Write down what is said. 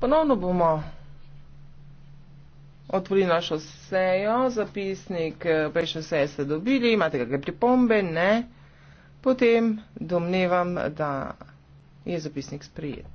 ponovno bomo otvorili našo sejo zapisnik e, prejšnje seje ste dobili imate kakšne pripombe ne potem domnevam da je zapisnik sprejet